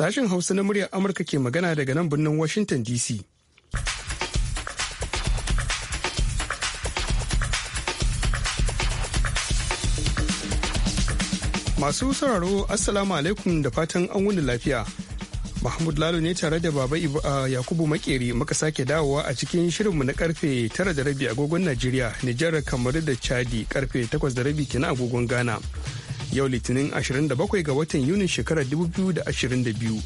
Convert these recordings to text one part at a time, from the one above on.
Sashen Hausa na muryar Amurka ke magana daga nan birnin Washington DC. Masu sauraro Assalamu alaikum da fatan an wuni lafiya. Mahmud Lalo ne tare da Baba Yakubu Makeri muka sake dawowa a cikin shirinmu na karfe 9:30 agogon Najeriya, Nijar, kamaru da Chadi karfe 8:30 kenan agogon Ghana. yau litinin 27 ga watan yunin shekarar 2022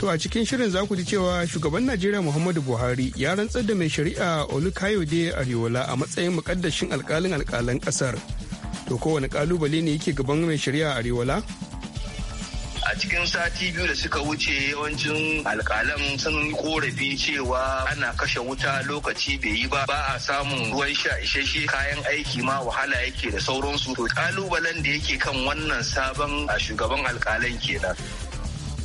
to a cikin shirin za ku ji cewa shugaban najeriya muhammadu buhari ya rantsar da mai shari'a olukayode ariola a matsayin mukaddashin alkalin alkalan kasar to kowane kalubale ne yake gaban mai shari'a ariola a cikin sati biyu da suka wuce yawancin alkalan sun korafi cewa ana kashe wuta lokaci bai yi ba ba a samun ruwan sha isasshe kayan aiki ma wahala yake da sauransu to kalubalen da yake kan wannan sabon a shugaban alkalan kenan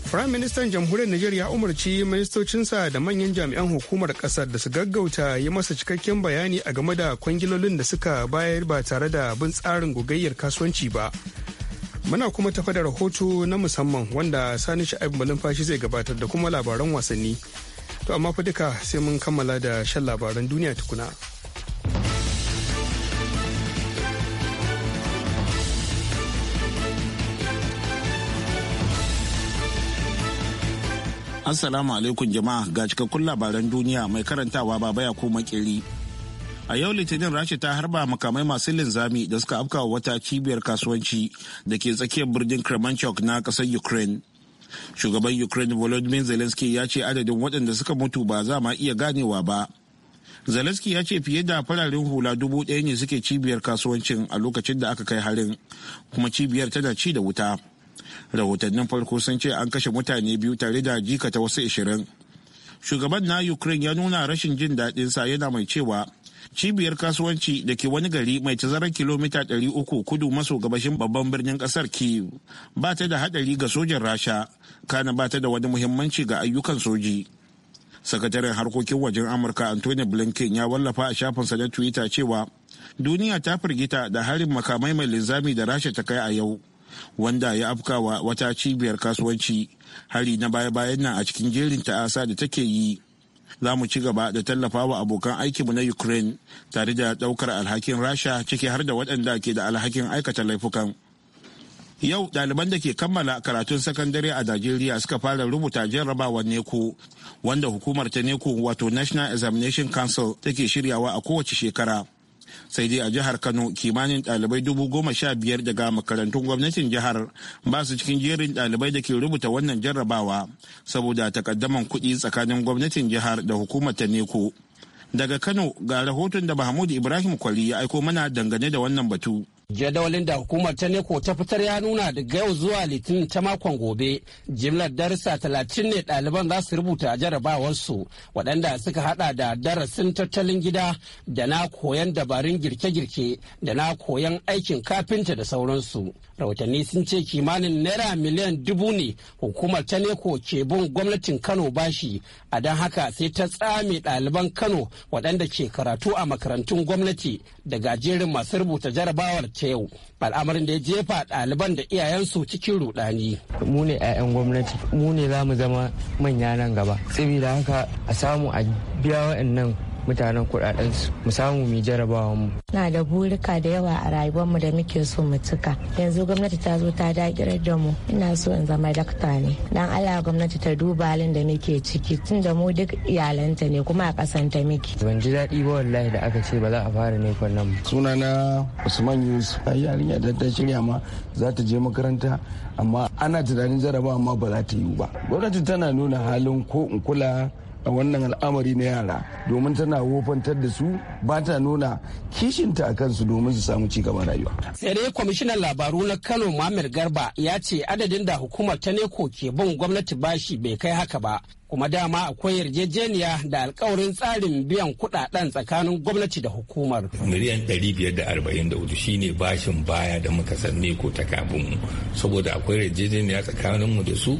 Firayim Ministan Jamhuriyar Nijar ya umarci ministocinsa da manyan jami'an hukumar kasar da su gaggauta yi masa cikakken bayani a game da kwangilolin da suka bayar ba tare da bin tsarin gogayyar kasuwanci ba. Muna kuma tafa da rahoto na musamman wanda sani sha'ib malumfashi zai gabatar da kuma labaran wasanni. To amma fa duka sai mun kammala da shan labaran duniya tukuna. Assalamu alaikum jama'a ga cikakkun labaran duniya mai karantawa baba ya ko makeri. a yau litinin rasha ta harba makamai masu linzami da suka afka wata cibiyar kasuwanci da ke tsakiyar birnin kremenchuk na kasar ukraine shugaban ukraine volodymyr zelensky ya ce adadin waɗanda suka mutu ba za ma iya ganewa ba zelensky ya ce fiye da fararen hula dubu ɗaya ne suke cibiyar kasuwancin a lokacin da aka kai harin kuma cibiyar tana ci da wuta rahotannin farko sun ce an kashe mutane biyu tare da jikata wasu ashirin shugaban na ukraine ya nuna rashin jin daɗinsa yana mai cewa cibiyar kasuwanci da ke wani gari mai tazarar kilomita 300 kudu maso gabashin babban birnin kasar kiev ba ta da hadari ga sojan rasha kana ba ta da wani muhimmanci ga ayyukan soji sakataren harkokin wajen amurka anthony blinken ya wallafa a shafinsa na twitter cewa duniya ta firgita da harin makamai mai linzami da rasha ta kai a yau wanda ya afkawa wata cibiyar kasuwanci hari na baya-bayan nan a cikin jerin ta'asa da take yi za mu ci gaba da tallafa wa abokan aikinmu na ukraine tare da daukar alhakin rasha ciki har da waɗanda ke da alhakin aikata laifukan yau ɗaliban da ke kammala karatun sakandare a najeriya suka fara rubuta jarrabawar neko wanda hukumar ta neko wato national examination council take shiryawa a kowace shekara sai dai a jihar kano kimanin dalibai dubu goma sha biyar daga makarantun gwamnatin jihar ba su cikin jerin dalibai da ke rubuta wannan jarrabawa saboda takaddaman kuɗi tsakanin gwamnatin jihar da hukumar ta neko daga kano ga rahoton da mahmud ibrahim kwari ya aiko mana dangane da wannan batu Jadawalin da hukumar ta neko ta fitar ya nuna daga yau zuwa litinin ta makon gobe jimlar darasa talatin ne ɗaliban za su rubuta a jarabawarsu waɗanda suka hada da darasin tattalin gida da na koyan dabarun girke-girke da na koyan aikin kafinta da sauransu. rahotanni sun ce kimanin naira miliyan dubu ne hukumar ta neko ke bin gwamnatin kano bashi a don haka sai ta tsame ɗaliban kano waɗanda ke karatu a makarantun gwamnati daga jerin masu rubuta jarabawar ta yau al'amarin da ya jefa ɗaliban da iyayensu cikin rudani mu ne 'ya'yan gwamnati mu ne za mu zama manya nan gaba saboda haka a samu a biya wa'annan mutanen kudaden su mu samu mu jarabawa mu. Na da burika da yawa a rayuwar mu da muke so mu cika. Yanzu gwamnati ta zo ta dakirar da mu. Ina so in zama dakta ne. Dan Allah gwamnati ta duba halin da muke ciki tun da mu duk iyalanta ne kuma a ta muke. Ban ji daɗi ba wallahi da aka ce ba za a fara ne nan. Sunana Usman Yusuf. Yarinya da ta shirya ma za ta je makaranta amma ana tunanin jarabawa amma ba za ta yiwu ba. Gwamnati tana nuna halin ko in kula a wannan al'amari na yara domin tana wofantar da su ba ta nuna kishinta a kansu domin su samu ci gaban rayuwa. sai dai kwamishinan labaru na kano mamir garba ya ce adadin da hukumar ta neko ke bin gwamnati bashi bai kai haka ba kuma dama akwai yarjejeniya da alkawarin tsarin biyan kudaden tsakanin gwamnati da hukumar. miliyan 544 shine bashin baya da muka san neko ta kafin saboda akwai yarjejeniya tsakaninmu da su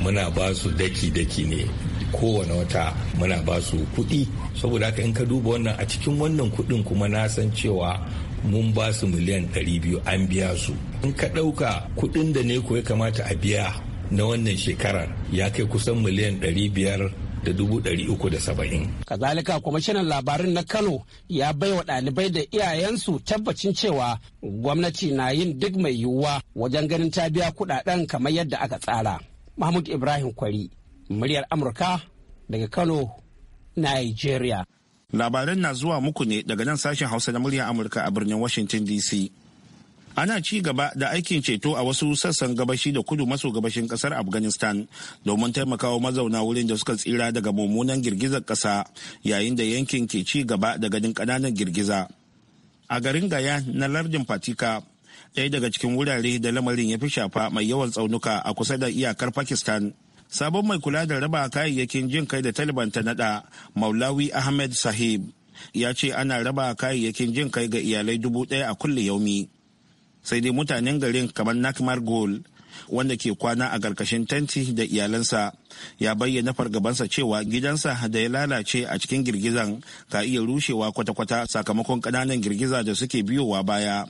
muna ba su daki-daki ne kowane wata muna ba su kuɗi saboda haka in ka duba wannan a cikin wannan kuɗin kuma na san cewa mun ba su miliyan 200 an biya su in ka ɗauka kuɗin da ne ko ya kamata a biya na wannan shekarar ya kai kusan miliyan 500 da dubu ɗari uku da saba'in. Kazalika kwamishinan labarin na Kano ya bai wa ɗalibai da iyayensu tabbacin cewa gwamnati na yin duk mai yiwuwa wajen ganin ta biya kuɗaɗen kamar yadda aka tsara. Mahmud Ibrahim Kwari, muryar amurka daga kano nigeria labaran na zuwa muku ne daga nan sashen hausa na muryar amurka a birnin washington dc ana ci gaba da aikin ceto a wasu sassan gabashi da kudu maso gabashin kasar afghanistan domin taimakawa mazauna wurin da suka tsira daga mummunan girgizar kasa yayin da yankin ke ci gaba da ganin kananan girgiza a garin gaya na lardin fatika ɗaya daga cikin wurare da lamarin ya fi shafa mai yawan tsaunuka a kusa da iyakar pakistan sabon mai kula da raba kayayyakin jin kai da taliban ta nada maulawi ahmed sahib ya ce ana raba kayayyakin jin kai ga iyalai dubu ɗaya a kulle yaumi sai dai mutanen garin kamar nakmar gol wanda ke kwana a karkashin tenti da iyalansa ya bayyana fargabansa cewa gidansa da ya lalace a cikin girgizan ka iya rushewa kwata-kwata sakamakon kananan girgiza da suke biyowa baya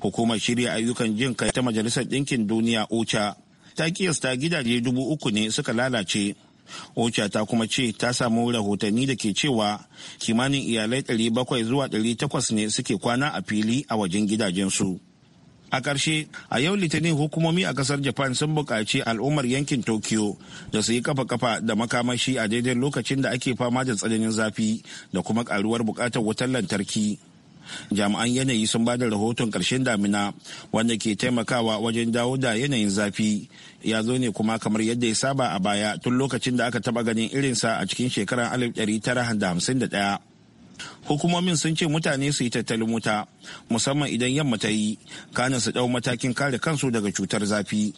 hukumar shirya ayyukan jin kai ta majalisar ɗinkin duniya ocha ta kiyasta gidaje dubu uku ne suka lalace ocha ta kuma ce ta samu rahotanni da ke cewa kimanin iyalai 700 zuwa 800 ne suke kwana a fili a wajen gidajensu a ƙarshe a yau litinin hukumomi a ƙasar japan sun buƙaci al'ummar yankin tokyo da su yi kafa-kafa da makamashi a daidai lokacin da ake fama da tsananin zafi da kuma ƙaruwar buƙatar wutar lantarki jami'an yanayi sun ba da rahoton ƙarshen damina wanda ke taimakawa wajen dawo da yanayin zafi ya zo ne kuma kamar yadda ya saba a baya tun lokacin da aka taba ganin irin sa a cikin shekarar 1951 hukumomin sun ce mutane su yi tattalin wuta musamman idan yamma ta yi kanin su ɗau matakin kare kansu daga cutar zafi.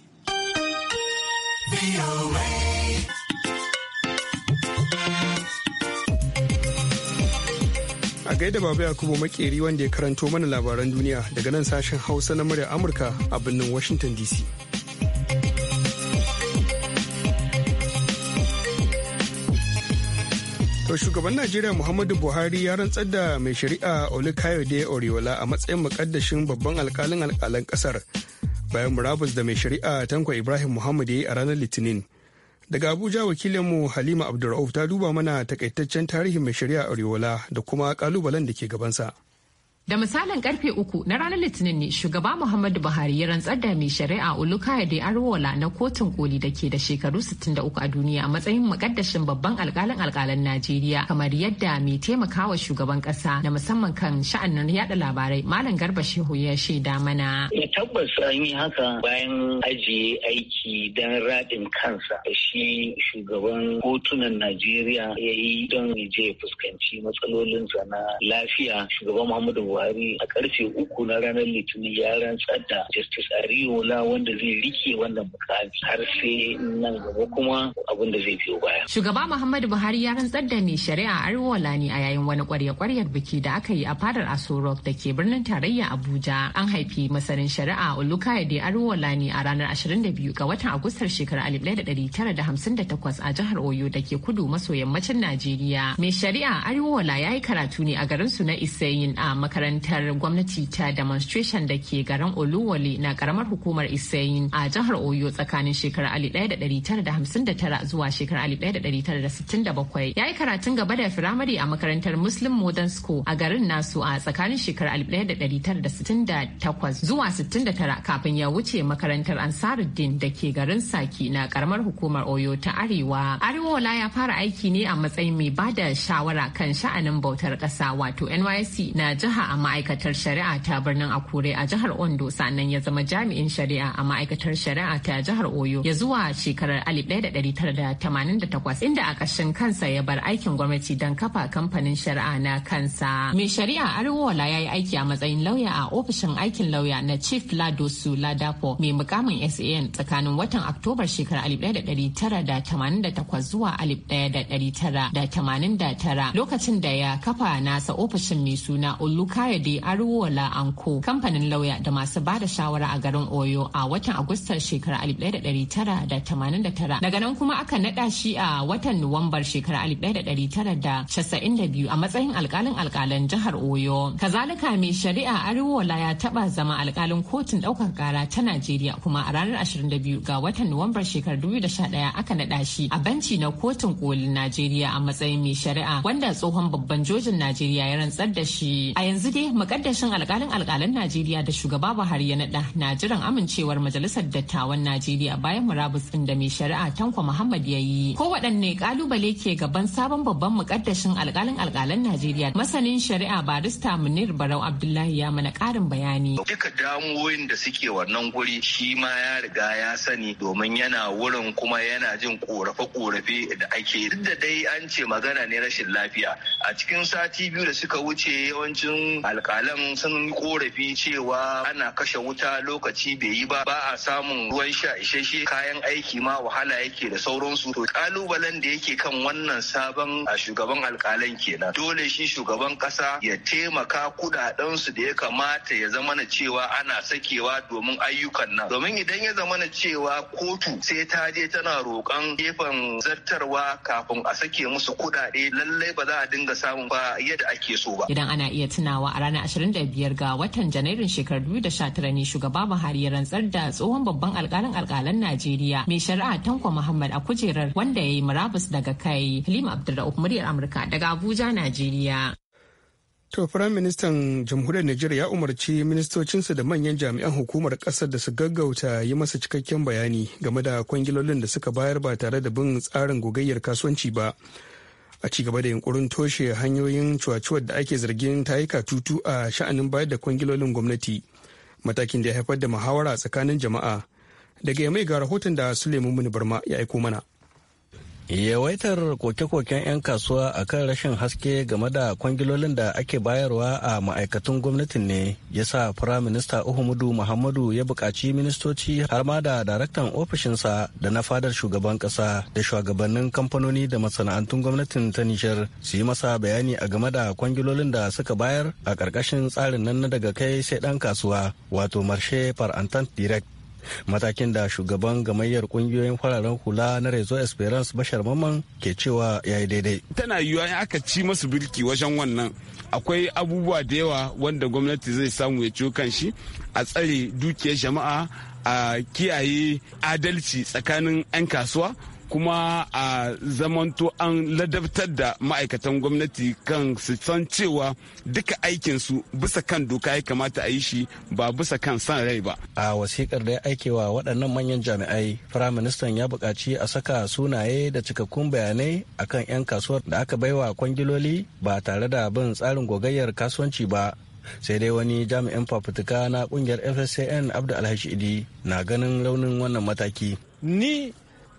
A gaida Baba Yakubu Makeri wanda ya karanto mana labaran duniya daga nan sashen Hausa na murya Amurka a birnin Washington DC. To shugaban Najeriya Muhammadu Buhari ya rantsar da mai shari'a Olukayode Oriola a matsayin makaddashin babban alkalin alkalan kasar bayan murabus da mai shari'a Tanko Ibrahim Muhammad ya yi a ranar Litinin. Daga Abuja wakilinmu Halima Abdulrauf ta duba mana takaitaccen tarihin mai shari'a Areola da kuma kalubalen da ke gabansa. Da misalin karfe uku na ranar Litinin ne shugaba Muhammadu Buhari ya rantsar da mai shari'a Olukayade Arwola na kotun koli da ke da shekaru 63 a duniya a matsayin makaddashin babban alkalin alkalan Najeriya kamar yadda mai taimakawa shugaban kasa na musamman kan sha'anin yada labarai Malam Garba Shehu ya shaida mana. Ya eh, tabbas an yi haka bayan ajiye aiki don radin kansa shi shugaban kotunan Najeriya ya yi don ya je fuskanci matsalolinsa na lafiya shugaban Muhammadu buhari a karfe uku na ranar litinin ya rantsar da justice ariola wanda zai rike wannan mukami har sai nan gaba kuma abin da zai biyo baya shugaba muhammadu buhari ya rantsar da mai shari'a ariola ne a yayin wani kwarya-kwaryar biki da aka yi a fadar asorok da ke birnin tarayya abuja an haifi masanin shari'a olukayade ariola ne a ranar 22 ga watan agustar shekarar 1958 a jihar oyo da ke kudu maso yammacin najeriya mai shari'a ariola ya yi karatu ne a garinsu na isayin a makarantar makarantar gwamnati ta demonstration da ke garin Oluwole na karamar hukumar Isayin a jihar Oyo tsakanin shekarar 1959 zuwa shekarar 1967. Ya yi karatun gaba da firamare a makarantar Muslim Modern School a garin nasu a tsakanin shekarar 1968 zuwa 69 kafin ya wuce makarantar Ansaruddin da ke garin Saki na karamar hukumar Oyo ta Arewa. Arewola ya fara aiki ne a matsayin mai ba da shawara kan sha'anin bautar ƙasa wato NYC na jiha a a ma'aikatar shari'a ta birnin Akure a jihar Ondo sannan ya zama jami'in shari'a a ma'aikatar shari'a ta jihar Oyo ya zuwa shekarar 1988 inda a ƙashin kansa ya bar aikin gwamnati don kafa kamfanin shari'a na kansa. Mai shari'a Arewola ya yi aiki a matsayin lauya a ofishin aikin lauya na Chief Ladosu Ladapo mai mukamin SAN tsakanin watan Oktobar shekarar 1988 zuwa 1989 lokacin da ya kafa nasa ofishin mai suna Oluka Kayode Aruwola Anko kamfanin lauya da masu ba da shawara a garin Oyo a watan Agustar shekarar 1989 daga nan kuma aka naɗa shi a watan Nuwambar shekarar 1992 a matsayin alkalin alkalan jihar Oyo. Kazalika mai shari'a Aruwola ya taɓa zama alkalin kotun ɗaukar kara ta Najeriya kuma a ranar 22 ga watan Nuwambar shekarar 2011 aka naɗa shi a banci na kotun kolin Najeriya a matsayin mai shari'a wanda tsohon babban jojin Najeriya ya rantsar da shi. A yanzu dai mukaddashin alkalin alkalan Najeriya da shugaba Buhari ya nada na jiran amincewar majalisar dattawan Najeriya bayan murabus din da mai shari'a Tanko Muhammad ya yi. Ko waɗanne kalubale ke gaban sabon babban mukaddashin alkalin alkalan Najeriya masanin shari'a barista Munir Barau Abdullahi ya mana ƙarin bayani. Duka damuwoyin da suke wannan guri shi ma ya riga ya sani domin yana wurin kuma yana jin korafe-korafe da ake duk da dai an ce magana ne rashin lafiya a cikin sati biyu da suka wuce yawancin alkalan sun yi korafi cewa ana kashe wuta lokaci bai yi ba ba a samun ruwan sha isasshe kayan aiki ma wahala yake da sauransu to kalubalen da yake kan wannan sabon a shugaban alƙalan kenan dole shi shugaban ƙasa ya taimaka kudaden da ya kamata ya zama na cewa ana sakewa domin ayyukan nan domin idan ya zama na cewa kotu sai ta je tana roƙan gefen zartarwa kafin a sake musu kudade lallai ba za a dinga samun ba yadda ake so ba idan ana iya tunawa tunawa a ranar 25 ga watan Janairun shekarar 2019 ne shugaba Buhari ya rantsar da tsohon babban alkalin alkalan Najeriya mai shari'a Tanko Muhammad a kujerar wanda ya yi murabus daga kai Halima Abdulrahman muryar Amurka daga Abuja, Najeriya. To Firaministan Jamhuriyar Najeriya ya umarci ministocinsa da manyan jami'an hukumar ƙasar da su gaggauta yi masa cikakken bayani game da kwangilolin da suka bayar ba tare da bin tsarin gogayyar kasuwanci ba. a ci gaba da yunkurin toshe hanyoyin cuwacuwar da ake zargin ta yi katutu a sha'anin bayar da kwangilolin gwamnati matakin da ya haifar da muhawara tsakanin jama'a daga ya yamai ga rahoton da suleiman barma ya aiko mana yawaitar koke-koken 'yan kasuwa a kan rashin haske game da kwangilolin da ake bayarwa a ma'aikatan gwamnatin ne ya sa firaminista uhumudu muhammadu ya buƙaci ministoci har ma da daraktan ofishinsa da na fadar shugaban ƙasa da shugabannin kamfanoni da masana'antun gwamnatin ta nishar su yi masa bayani a game da kwangilolin da suka bayar a ƙarƙashin tsarin nan na daga kai sai ɗan kasuwa wato marshe par direct matakin da shugaban gamayyar kungiyoyin fararen hula na rezo esperance bashar maman ke cewa ya yi daidai tana yiwuwa in aka ci masu birki wajen wannan akwai abubuwa da yawa wanda gwamnati zai samu ya ciwo kan shi a tsare dukiyar jama'a a kiyaye adalci tsakanin 'yan kasuwa kuma a zamanto an ladabtar da ma'aikatan gwamnati kan su san cewa duka aikinsu bisa kan doka ya kamata a yi shi ba bisa kan san rai ba. A wasikar da ya aikewa waɗannan manyan jami'ai, Firaministan ya buƙaci a saka sunaye da cikakkun bayanai a kan 'yan kasuwar da aka baiwa kwangiloli ba tare da bin tsarin gogayyar kasuwanci ba. sai dai wani jami'in fafutuka na kungiyar fscn abdu alhashidi idi na ganin raunin wannan mataki ni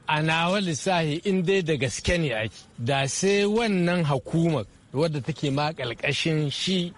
a nawa lissahi in dai da gaske ne ake da sai wannan hukumar wadda take ma ƙalƙashin shi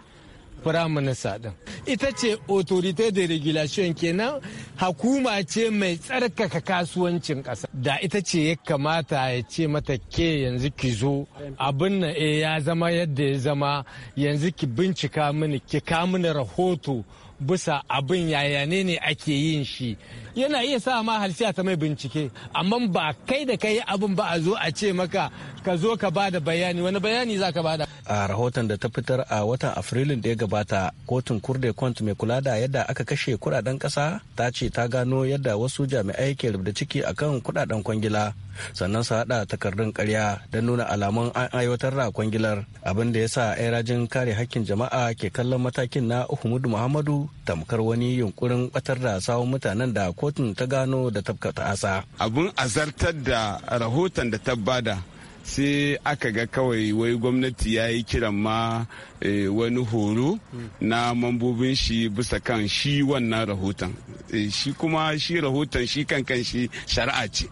firaminista din ita ce autorite de regulation kenan hakuma ce mai tsarkaka kasuwancin ƙasa da ita ce ya kamata ya ce mata ke yanzu ki zo abin na eh, ya zama yadda ya zama yanzu ki bincika mini ki ka mini rahoto bisa abin yaya ne ne ake yin shi yana iya sa ma halsiya ta mai bincike amma ba kai da kai abin ba a zo a ce maka ka zo ka ba da bayani wani bayani za ka ba da. a rahoton da ta fitar a watan afrilun da ya gabata kotun kurde kwant mai kula da yadda aka kashe kudaden kasa ta ce ta gano yadda wasu jami'ai ke rubda ciki akan kudaden kwangila sannan su hada takardun karya don nuna alamun an aiwatar da kwangilar abin da ya sa 'yan rajin kare hakkin jama'a ke kallon matakin na Uhumudu Muhammadu tamkar wani yunkurin batar da sawun mutanen da kotun ta gano da tafka asa. Abun azartar da rahoton da ta bada sai aka ga kawai wai gwamnati ya yi kiran ma e, wani horo na mambobin shi bisa kan shi wannan rahoton e, shi kuma shi rahoton shi kankan shi shari'a ce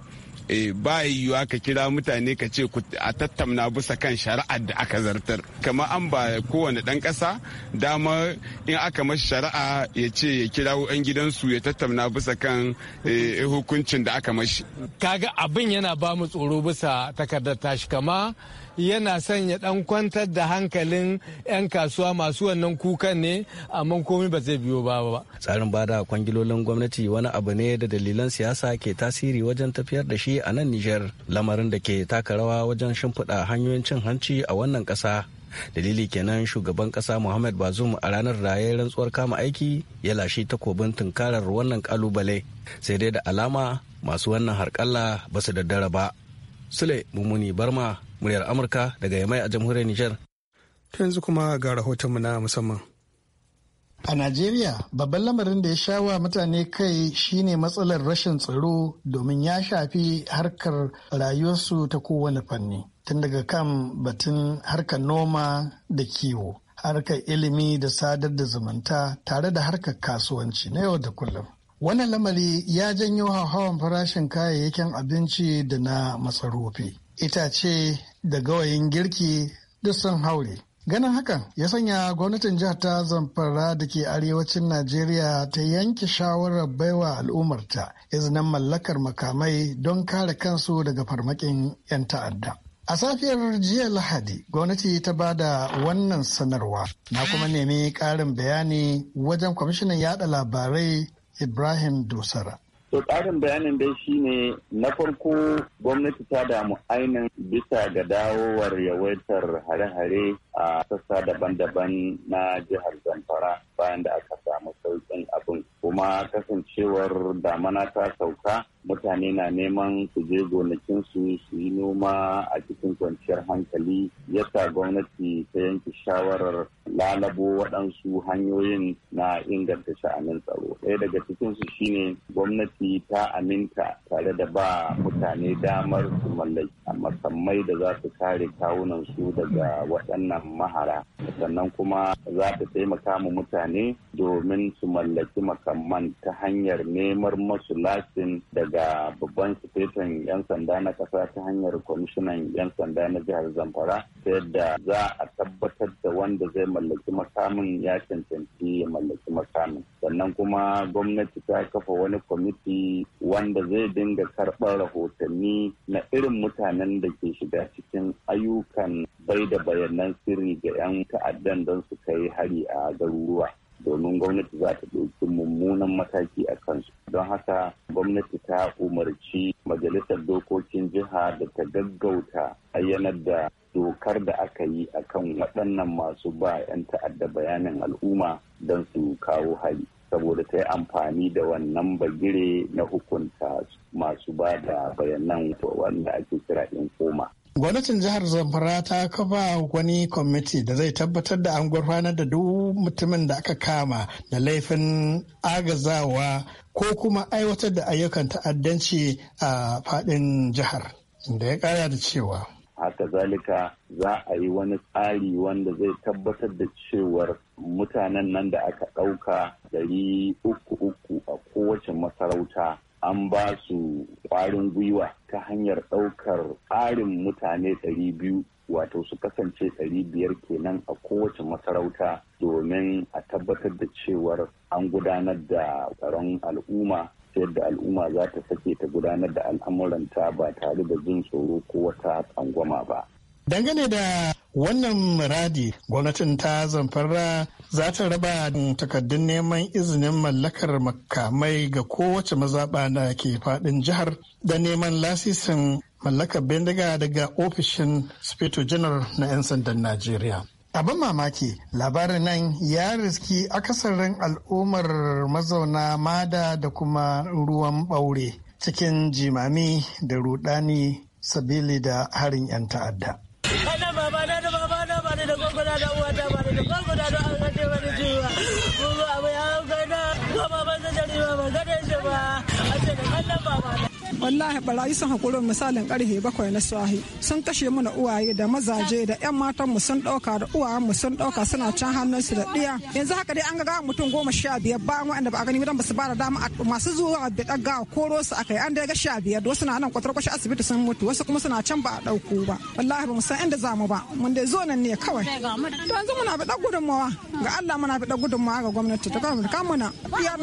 e, ba yiwuwa ka kira mutane ka ce a tattauna bisa kan shari'ar da aka zartar kama an ba kowane ɗan ƙasa dama in aka mashi shari'a ya ce ya kira 'yan gidansu ya tattauna bisa kan eh, hukuncin da aka mashi kaga abin yana ba mu tsoro bisa takardar tashi kama yana son ya dan kwantar da hankalin 'yan kasuwa masu wannan kukan ne amma komai ba zai biyo ba ba tsarin bada kwangilolin gwamnati wani abu ne da dalilan siyasa ke tasiri wajen tafiyar da shi a nan nijar lamarin da ke taka rawa wajen shimfiɗa hanyoyin cin hanci a wannan ƙasa dalili kenan shugaban kasa muhammad bazum a ranar da rantsuwar kama aiki ya lashe takobin tunkarar wannan kalubale sai dai da alama masu wannan harƙalla ba su daddara ba sule mummuni barma muryar amurka daga yamai a jamhuriyar niger yanzu kuma ga rahotonmu na musamman a najeriya babban lamarin da ya sha wa mutane kai shine matsalar rashin tsaro domin ya shafi harkar rayuwarsu ta kowane fanni tun daga kan batun harkar noma da kiwo harkar ilimi da sadar da zumunta tare da harkar kasuwanci na yau da kullum wannan lamari ya janyo hauhawan farashin kayayyakin abinci da na masarufi itace da gawayin girki da sun haure. Ganin hakan ya sanya gwamnatin jihar ta zamfara da ke arewacin Najeriya ta yanke shawarar baiwa al'ummarta izinin mallakar makamai don kare kansu daga farmakin 'yan ta'adda. A safiyar jiya Lahadi, gwamnati ta ba da wannan sanarwa. Na kuma nemi ƙarin bayani wajen kwamishinan yada labarai Ibrahim Dusara. So ƙarin bayanin dai shi ne na farko gwamnati ta damu ainin bisa ga dawowar yawaitar hare-hare a sassa daban-daban na jihar zamfara bayan da aka samu sauƙin abin kuma kasancewar damana ta sauka mutane na neman su je gonakinsu su yi noma a cikin kwanciyar hankali yasa gwamnati ta yanke shawarar lalabo waɗansu hanyoyin na inganta sha'anin tsaro ɗaya daga cikinsu shine gwamnati ta aminta tare da ba mutane damar su mallaki a da za su kare kawunan su daga waɗannan mahara sannan kuma za ta taimaka mu mutane domin su mallaki makamman ta hanyar nemar masu lasin daga babban sitetan 'yan sanda na kasa ta hanyar kwamishinan 'yan sanda na jihar zamfara ta yadda za a tabbatar da wanda zai mallaki makamin ya cancanci ya mallaki makamin sannan kuma gwamnati ta kafa wani kwamiti wanda zai dinga karɓar rahotanni na irin mutanen da ke shiga cikin ayyukan bai da bayanan sirri sirri ga 'yan ta'addan don su kai hari a garuruwa domin gwamnati za ta ɗauki mummunan mataki a kansu don haka gwamnati ta umarci majalisar dokokin jiha da ta gaggauta ayyanar da dokar da aka yi a kan waɗannan masu ba 'yan ta'adda bayanin al'umma don su kawo hari saboda ta yi amfani da wannan bagire na hukunta masu ba da bayanan wanda ake kira in koma Gwamnatin jihar Zamfara ta kafa wani kwamiti da zai tabbatar da an gurfanar da duk mutumin da aka kama da laifin agazawa ko kuma aiwatar da ayyukan ta'addanci a faɗin jihar. Da ya ƙara da cewa. Haka zalika za a yi wani tsari wanda zai tabbatar da cewar mutanen nan da aka ɗauka ɗari uku uku a kowace masarauta an ba su ƙwarin gwiwa ta hanyar ɗaukar tsarin mutane 200 wato su kasance 500 kenan a kowace masarauta domin a tabbatar da cewar an gudanar da tsaron al'umma yadda al'umma za ta sake ta gudanar da al'amuranta ba tare da jin tsoro ko wata tsangwama ba. Dangane da Wannan muradi gwamnatin ta zamfara za ta raba takardun neman izinin mallakar makamai ga kowace mazaɓa da ke faɗin jihar da neman lasisin mallakar bindiga daga ofishin Speto General na 'yan sandan Najeriya. Abin mamaki labarin nan ya riski akasarin al'ummar mazauna mada da kuma ruwan ɓaure cikin jimami da rudani sabili da harin 'yan ta'adda. gwargwada da uwa ta ba da gwargwada da an kace ba da jiwa mu abu ya hau gaida ko ba ban da jari ba ban gane shi ba a ce da kallon baba wallahi barayi sun hakuri misalin karfe bakwai na swahi sun kashe mana uwaye da mazaje da yan matan mu sun dauka da uwa mu sun dauka suna can hannun su da diya yanzu haka dai an ga mutum goma sha biyar bayan waɗanda ba a gani dan ba su ba da dama masu zuwa da ɗaga koro su akai an dai ga sha biyar wasu na nan kwatar kwashi asibiti sun mutu wasu kuma suna can ba a dauko ba wallahi ba mu san inda za mu ba mun dai zo nan ne kawai to yanzu muna da gudunmawa ga Allah muna fiɗa gudunmawa ga gwamnati ta kama na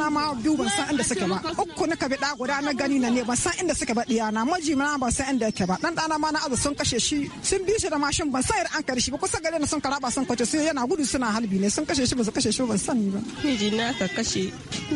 na ma biyu ban san inda suke ba uku na ka bi guda na gani na ne ban san inda da suka ba diyana maji mana ban san inda yake ba dan dana ma na azu sun kashe shi sun bi shi da mashin ban san an kare shi ba kusa gare na sun karaba sun kwace sai yana gudu suna halbi ne sun kashe shi ba su kashe shi ban sani ba miji na ka kashe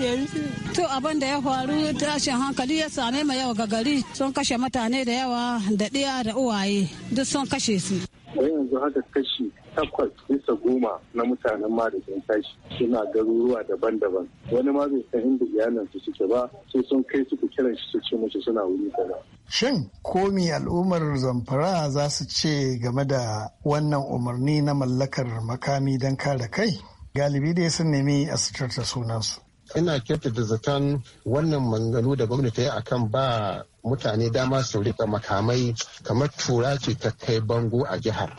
yanzu to abin da ya faru tashin hankali ya same ma yau ga gari sun kashe mutane da yawa da diya da uwaye duk sun kashe su don yanzu haka kashi takwas bisa goma na mutanen ma da sun tashi suna garuruwa daban-daban wani ma bai san inda su suke ba sai sun kai su ku kiran shi su ce musu suna wuri kaza. Shin komi al'ummar zamfara za su ce game da wannan umarni na mallakar makami don kare kai? Galibi dai sun nemi a suturta sunansu. ina kyautata zaton wannan manganu da gwamnati ya akan ba mutane dama su rika makamai kamar tura ce ta kai bango a jihar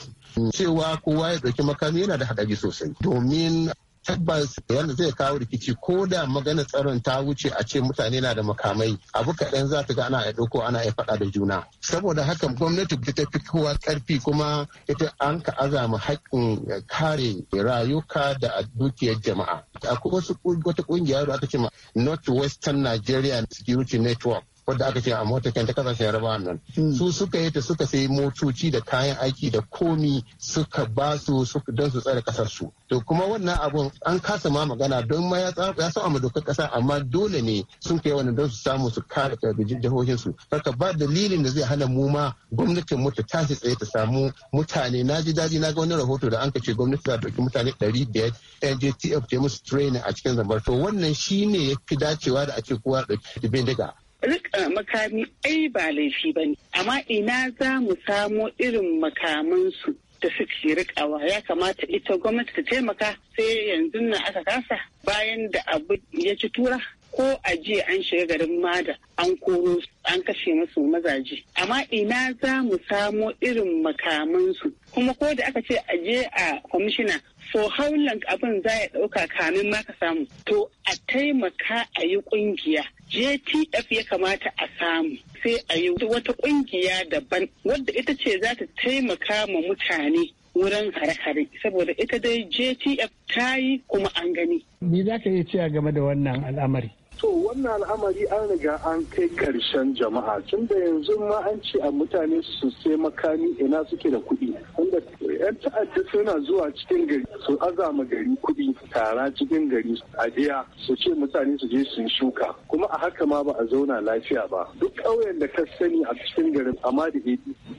cewa kowa ya ɗauki makami yana da haɗari sosai domin tabbas yana zai kawo rikici ko da magana tsaron ta wuce a ce mutane na da makamai abu kaɗan za ta ga ana ya ɗauko ana ya faɗa da juna saboda haka gwamnati ta fi kowa ƙarfi kuma ita an ka azama haƙƙin kare rayuka da dukiyar jama'a akwai wasu wata ƙungiya da aka ce ma North Western Nigeria Security Network wadda aka ce a motokin ta kasashen yarbawa nan hmm. su suka yi ta suka sai motoci da kayan aiki da komi suka ba su don su tsare kasar su to kuma wannan abun an kasa ma magana don ma ya sa a dokar kasa amma dole ne sun kai wannan don su samu su kare jihohin su haka ba dalilin da zai hana mu ma gwamnatin mu ta tashi tsaye ta samu mutane na ji daji na ga wani rahoto da an ce gwamnati za ta ɗauki mutane 500 NJTF ta musu training a cikin zambar to wannan shi ne ya fi dacewa da a ce kowa ɗauki bindiga rika makami ai ba laifi ba ne amma ina za mu samo irin makamansu da suke rikawa ya kamata ita gwamnati ta taimaka sai yanzu nan aka kasa bayan da abu ya ci tura ko a jiya an shiga garin mada an koro an kashe masu mazaje amma ina za mu samo irin makamansu kuma ko da aka ce a je a kwamishina so haulan abin za ya ɗauka kamin ma ka samu to a taimaka a yi ƙungiya JTF ya kamata a samu sai a yi wata ƙungiya daban wadda ita ce za ta taimaka ma mutane wurin hare-hare saboda ita dai JTF ta yi kuma an gani. Ni za ka iya cewa game da wannan al'amari? to wannan al'amari an riga an kai karshen jama'a tun da yanzu ma an ce a mutane su sai makami ina suke da kuɗi wanda yan ta'adda suna zuwa cikin gari su azama gari kuɗi tara cikin gari a biya su ce mutane su je su yi shuka kuma a haka ma ba a zauna lafiya ba duk ƙauyen da ka sani a cikin garin amma da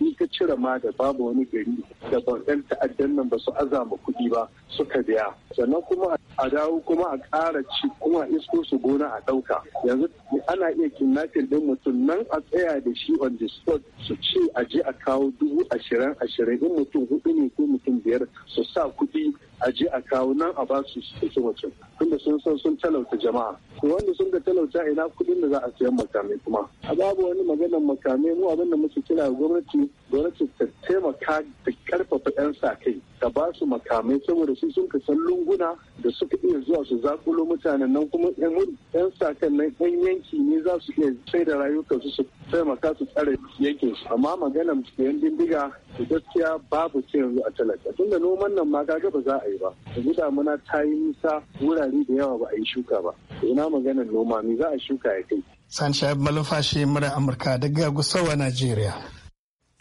ni ka cire ma da babu wani gari da ban ta'addan nan ba su azama kuɗi ba suka biya sannan kuma a dawo kuma a ƙara ci kuma isko su gona a ɗauka yanzu ana iya kinnatin ɗin mutum nan a tsaya da shi on the spot su ce a je a kawo dubu ashirin ashirin in mutum hudu ne ko mutum biyar su sa kuɗi a ji a kawo nan a basu su mutum tunda sun san sun talauta jama'a wanda sun ga talauta ina kudin da za a sayan makamai kuma a babu wani maganar makamai mu abinda muke kira gwamnati gwamnati ta taimaka ta karfafa yan sa kai ta ba su makamai saboda su sun ka san lunguna da suka iya zuwa su zakulo mutanen nan kuma yan sa kan nan yan yanki ne za su iya sai da rayukan su taimaka su tsare yankin su amma maganar yan bindiga gaskiya babu ce yanzu a talaka tunda noman nan ma ga ba za a a yi ba yanzu damuna ta yi nisa wurare da yawa ba a yi shuka ba ina maganar noma me za a shuka ya kai san shahab malumfashi mura amurka daga gusawa najeriya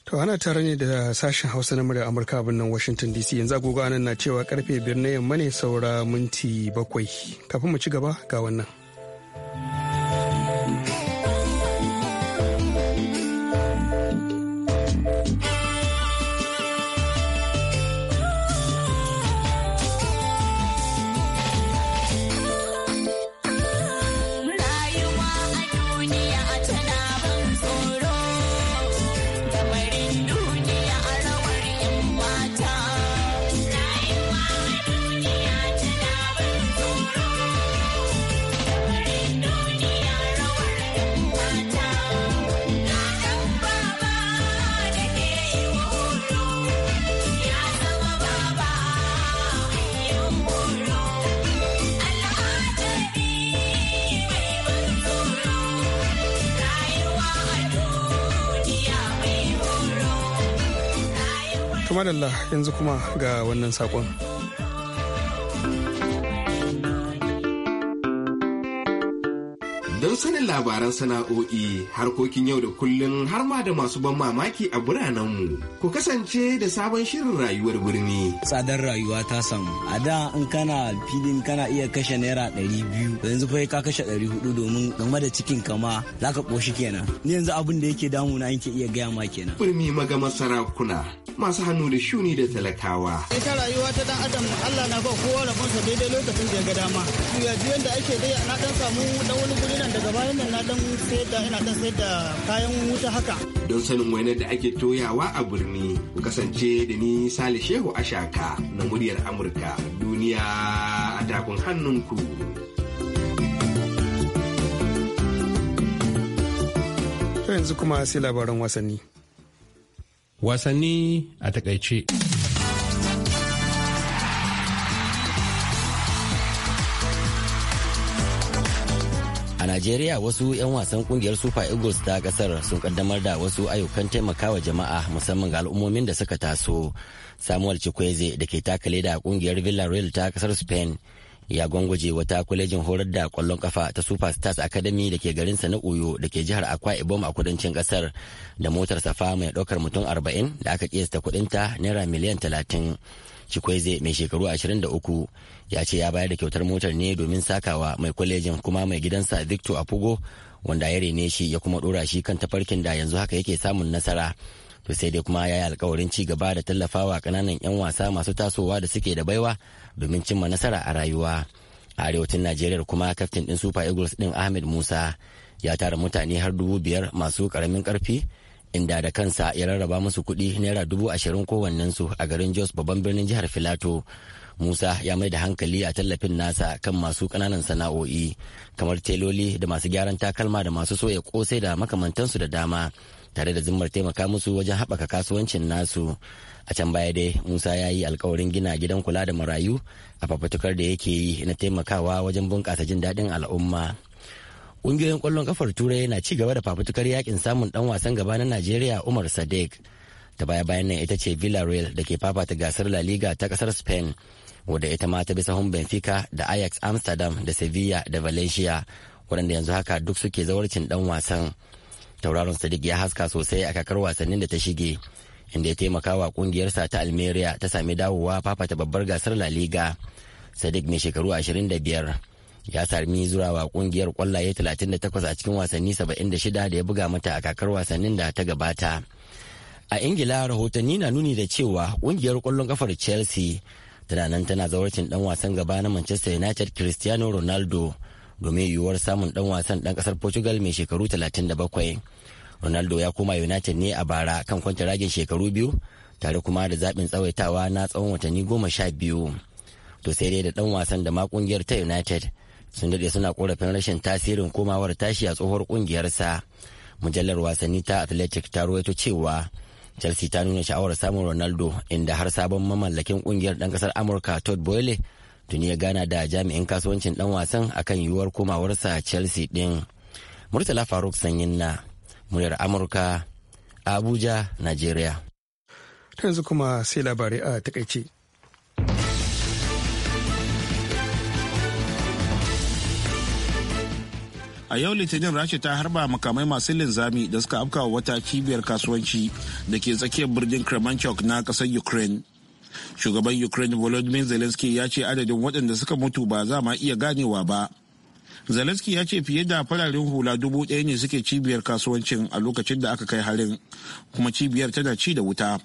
To ana tare ne da sashen Hausa na murya Amurka birnin Washington DC yanzu agogo anan na cewa karfe biyar na yamma ne saura minti bakwai. Kafin mu ci gaba ga wannan. madalla yanzu kuma ga wannan sakon. sanin labaran sana'o'i harkokin yau da kullun har ma da masu ban mamaki a biranenmu. Ku kasance da sabon shirin rayuwar birni. Tsadar rayuwa ta samu. A da in kana filin kana iya kashe naira ɗari biyu yanzu fa ka kashe ɗari hudu domin game da cikin kama za ka ɓoshi kenan. Ni yanzu abin da yake damu na yake iya gaya ma kenan. Birni magama sarakuna masu hannu da shuni da talakawa. Ita rayuwa ta dan adam Allah na ba kowa rabonsa daidai lokacin da ya ga dama. Yanzu yadda ake dai na dan samu dan wani guri nan gaba bayan nan na dan sayar da ina dan kayan wuta haka don sanin wani da ake toyawa a birni ku kasance da ni Sale Shehu Ashaka na muryar Amurka duniya a takun hannunku yanzu kuma sai labaran wasanni wasanni a takaice najeriya wasu 'yan wasan kungiyar super eagles ta kasar sun kaddamar da wasu ayyukan taimakawa jama'a musamman ga al'ummomin da suka taso samuel chikweze da ke takale da kungiyar villarreal ta kasar spain ya gwangwaje wata kwalejin horar da kwallon kafa ta super stars academy da ke garin sa na oyo da ke jihar akwa ibom a kudancin kasar da motar safa mai daukar mutum 40 da aka kiyasta ta naira miliyan 30 Chikweze mai shekaru 23 ya ce ya bayar da kyautar motar ne domin sakawa mai kwalejin kuma mai gidansa Victor Apugo wanda ya rene shi ya kuma dora shi kan tafarkin da yanzu haka yake samun nasara. To sai dai kuma ya yi alkawarin ci gaba da tallafawa kananan 'yan wasa masu tasowa da suke da baiwa domin cimma nasara a rayuwa. A arewacin Najeriya kuma kaftin din Super Eagles din Ahmed Musa ya tara mutane har dubu biyar masu karamin karfi inda da kansa ya rarraba musu kuɗi naira dubu ashirin kowannensu a garin jos babban birnin jihar filato musa ya mai da hankali a tallafin nasa kan masu ƙananan sana'o'i kamar teloli da masu gyaran takalma da masu soya kosai da makamantansu da dama tare da zimmar taimaka musu wajen haɓaka kasuwancin nasu a can baya dai musa ya yi alkawarin gina gidan kula da marayu a fafatukar da yake yi na taimakawa wajen bunƙasa jin daɗin al'umma Ƙungiyoyin ƙwallon ƙafar Turai na ci gaba da fafutukar yakin samun ɗan wasan gaba na Najeriya Umar Sadiq. Ta baya bayan nan ita ce Villarreal da ke fafata gasar La Liga ta ƙasar Spain. Wadda ita ma ta bi sahun Benfica da Ajax Amsterdam da Sevilla da Valencia waɗanda yanzu haka duk suke zawarcin ɗan wasan. Tauraron Sadiq ya haska sosai a kakar wasannin da ta shige. inda ya taimaka wa kungiyarsa ta almeria ta sami dawowa fafata babbar gasar la liga sadiq mai shekaru ashirin da biyar. ya sami zurawa kungiyar kwallaye 38 a cikin wasanni 76 da ya buga mata a kakar wasannin da ta gabata. A Ingila rahotanni na nuni da cewa kungiyar kwallon kafar Chelsea tana nan tana zawarcin dan wasan gaba na Manchester United Cristiano Ronaldo domin yiwuwar samun dan wasan dan kasar Portugal mai shekaru 37. Ronaldo ya koma United ne a bara kan kwanta ragin shekaru biyu tare kuma da zaɓin tsawaitawa na tsawon watanni goma sha biyu. To sai dai da dan wasan da ma kungiyar ta United sun dade suna korafin rashin tasirin komawar tashi a tsohuwar kungiyarsa mujallar wasanni ta athletic ta ruwaito cewa chelsea ta nuna sha'awar samun ronaldo inda har sabon mamallakin ƙungiyar ɗan kasar amurka todd boyle tuni ya gana da jami'in kasuwancin ɗan wasan akan yiwuwar komawarsa chelsea ɗin murtala faruk sanyin na muryar amurka abuja nigeria yanzu kuma sai labarai a takaice a yau litinin rasha ta harba makamai masu linzami da suka afkawa wata cibiyar kasuwanci da ke tsakiyar birnin kremenchuk na kasar ukraine shugaban ukraine volodymyr zelensky ya ce adadin waɗanda suka mutu ba za ma iya ganewa ba zelensky ya ce fiye da fararen hula dubu ɗaya ne suke cibiyar kasuwancin a lokacin da aka kai harin kuma cibiyar tana ci da wuta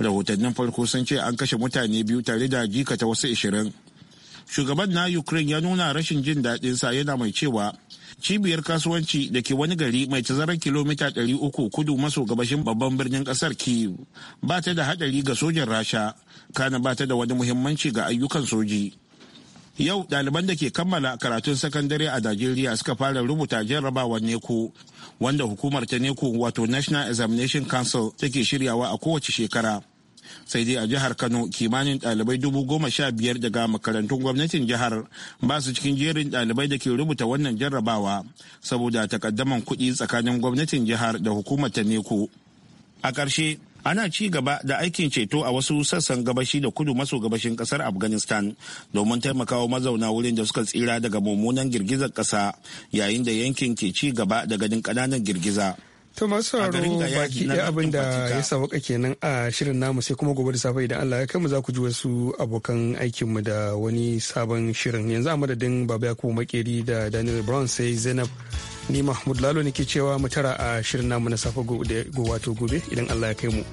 rahotannin farko sun ce an kashe mutane biyu tare da jikata wasu ashirin. shugaban na ukraine ya nuna rashin jin daɗin sa yana mai cewa cibiyar kasuwanci da ke wani gari mai tazarar kilomita 300 kudu maso gabashin babban birnin kasar kiev ba ta da hadari ga sojan rasha kana ba ta da wani muhimmanci ga ayyukan soji yau ɗaliban da ke kammala karatun sakandare a najeriya suka fara rubuta jarrabawar neko wanda hukumar ta neko wato national examination council take shiryawa a kowace shekara sai dai a jihar kano kimanin dalibai dubu goma sha biyar daga makarantun gwamnatin jihar ba su cikin jerin dalibai da ke rubuta wannan jarrabawa saboda takaddaman kuɗi tsakanin gwamnatin jihar da hukumar ta neko a ƙarshe ana ci gaba da aikin ceto a wasu sassan gabashi da kudu maso gabashin kasar afghanistan domin taimakawa mazauna wurin da suka tsira daga mummunan girgizar ƙasa yayin da yankin ke ci gaba da ganin ƙananan girgiza ta masu baki ɗaya abin da ya sauka kenan a shirin namu sai kuma gobe da safe idan Allah ya kai mu za ku ji wasu abokan aikinmu da wani sabon shirin yanzu a madadin Baba kuma Makeri da Daniel Brown sai Zainab ni Mahmud Lalo ne ke cewa mu tara a shirin namu na safe wato gobe idan Allah ya kai mu.